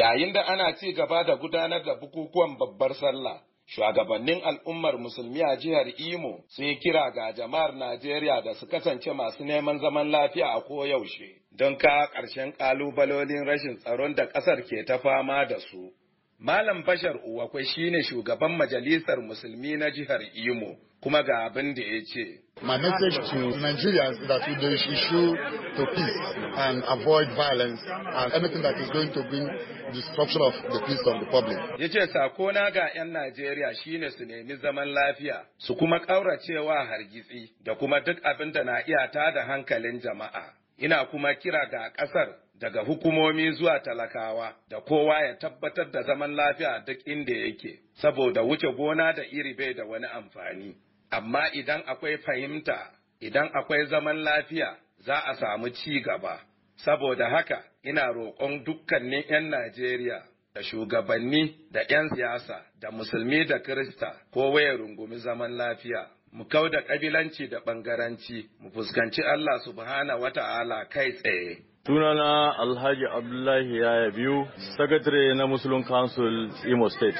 Yayin da ana ci gaba da gudanar da bukukuwan babbar sallah, shugabannin al'ummar musulmi a jihar Imo sun yi kira ga jama'ar Najeriya da su kasance masu neman zaman lafiya a koyaushe don kawo ƙarshen ƙalubalolin rashin tsaron da ƙasar ke ta fama da su. Malam Bashar Uwakwai ne shugaban majalisar musulmi na jihar Imo kuma ga abin da ya ce. My message to Nigerians is that we issue to peace and avoid violence and anything that is going to bring destruction of the peace of the public. Ya ce sako na ga 'yan Najeriya shi ne su nemi zaman lafiya su kuma ƙauracewa hargitsi da kuma duk abin da na iya tada hankalin jama'a. Ina kuma kira ga ƙasar daga hukumomi zuwa talakawa da kowa ya tabbatar da zaman lafiya duk inda yake saboda wuce gona da iri bai da wani amfani amma idan akwai fahimta idan akwai zaman lafiya za a samu ci gaba saboda haka ina roƙon dukkanin 'yan Najeriya da shugabanni da 'yan siyasa da musulmi da Kirista kowa ya rungumi zaman lafiya mu kau da ƙabilanci da ɓangaranci mu fuskanci Allah subhana wata'ala kai tsaye sunana alhaji abdullahi yaya biyu sakatare na muslim council imo state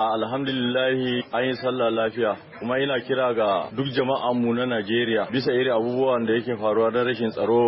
a alhamdulillahi an yi sallah lafiya kuma ina kira ga duk jama'an mu na najeriya bisa iri abubuwan da yake faruwa da rashin tsaro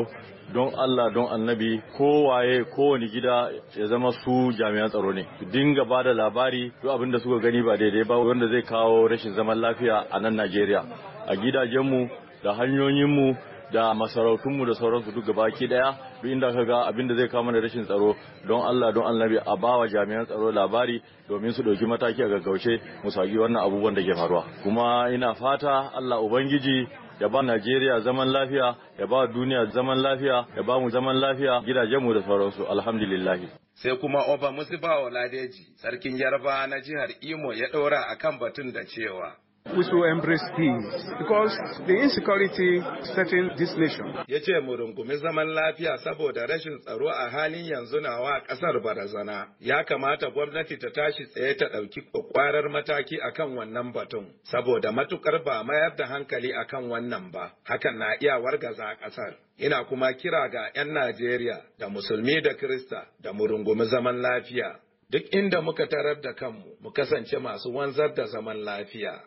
don Allah don annabi kowaye kowane gida ya zama su jami'an tsaro ne dinga ba da labari duk abin da suka gani ba daidai ba wanda zai kawo rashin zaman lafiya a nan Najeriya a gidajenmu da hanyoyinmu da masarautunmu da sauransu duk gabaki daya duk inda ka ga abin da zai kama da rashin tsaro don Allah don Annabi a bawa jami'an tsaro labari domin su dauki mataki a gaggauce mu saki wannan abubuwan da ke faruwa kuma ina fata Allah ubangiji ya ba Najeriya zaman lafiya ya ba duniya zaman lafiya ya ba mu zaman lafiya gidajenmu da sauransu alhamdulillah sai kuma Oba Musibawa Ladeji sarkin Yarba na jihar Imo ya ɗora akan batun da cewa We should embrace peace because the insecurity setting this nation. Ya ce mu rungumi zaman lafiya saboda rashin tsaro a halin yanzu na wa ƙasar barazana. Ya kamata gwamnati ta tashi tsaye ta ɗauki ƙwaƙwarar mataki akan wannan batun saboda matukar ba mayar da hankali akan wannan ba. Hakan na iya wargaza ƙasar. Ina kuma kira ga 'yan Najeriya da Musulmi da Kirista da mu rungumi zaman lafiya. Duk inda muka tarar da kanmu, mu kasance masu wanzar da zaman lafiya.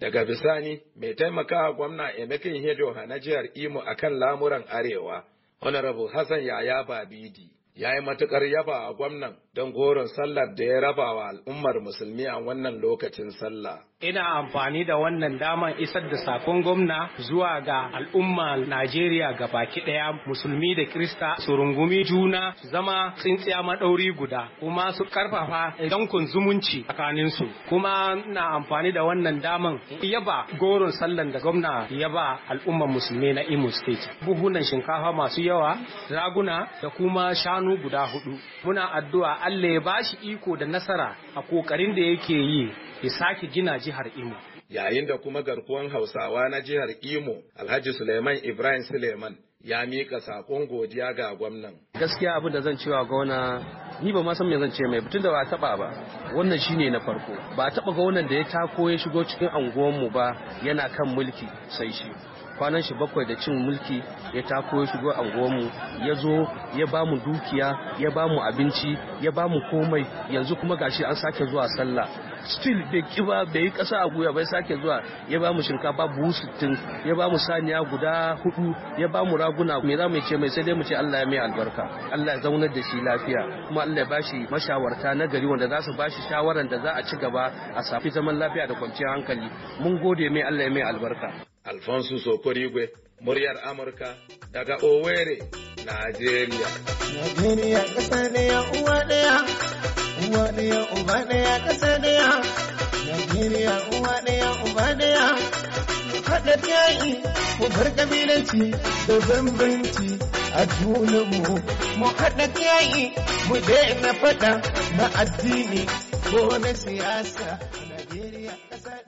Daga bisani mai taimakawa gwamna Emekin Hedo na jihar Imo akan lamuran Arewa, Honorable Hassan Yaya Babidi ya yi matukar yaba a gwamnan don goron sallar da ya raba wa al'ummar musulmi a wannan lokacin sallah. Ina amfani da wannan daman isar da sakon gwamna zuwa ga al'umma Najeriya ga baki ɗaya musulmi da Krista su rungumi juna su zama tsintsiya maɗauri guda kuma su karfafa dankun zumunci tsakanin su kuma na amfani da wannan daman yaba goron sallar da gwamna yaba al'ummar musulmi na Imo State. Buhunan shinkafa masu yawa, raguna da kuma shanu shanu guda hudu muna addu'a Allah ya bashi iko da nasara a kokarin da yake yi ya sake gina jihar Imo yayin da kuma garkuwan Hausawa na jihar Imo Alhaji Suleiman Ibrahim Suleiman ya mika sakon godiya ga gwamnan gaskiya abin da zan cewa gwamna ni ba ma san me zan ce mai fitun da ba taba ba wannan shine na farko ba taba gwamnan da ya tako ya shigo cikin anguwan mu ba yana kan mulki sai shi kwanan shi bakwai da cin mulki ya tako ya shigo anguwanmu ya zo ya ba mu dukiya ya ba mu abinci ya ba mu komai yanzu kuma gashi an sake zuwa sallah still bai kiba bai yi kasa a guya bai sake zuwa ya ba mu shinkafa buhu sittin ya ba mu saniya guda hudu ya ba mu raguna me za mu ce mai sai dai mu ce Allah ya mai albarka Allah ya zaunar da shi lafiya kuma Allah ya bashi mashawarta na gari wanda za su bashi shawaran da za a ci gaba a safi zaman lafiya da kwanciyar hankali mun gode mai Allah ya mai albarka Alfonso Sokorigwe, muryar Amurka daga Owerri, Najeriya. Najeriya ƙasa ɗaya uwa ɗaya, uwa ɗaya uba ɗaya ƙasa ɗaya. Najeriya uwa ɗaya uba ɗaya. Haɗa yayi mu bar ƙabilanci da bambanci a junanmu. Mu haɗa yayi mu daina faɗa na addini ko na siyasa. Najeriya ƙasa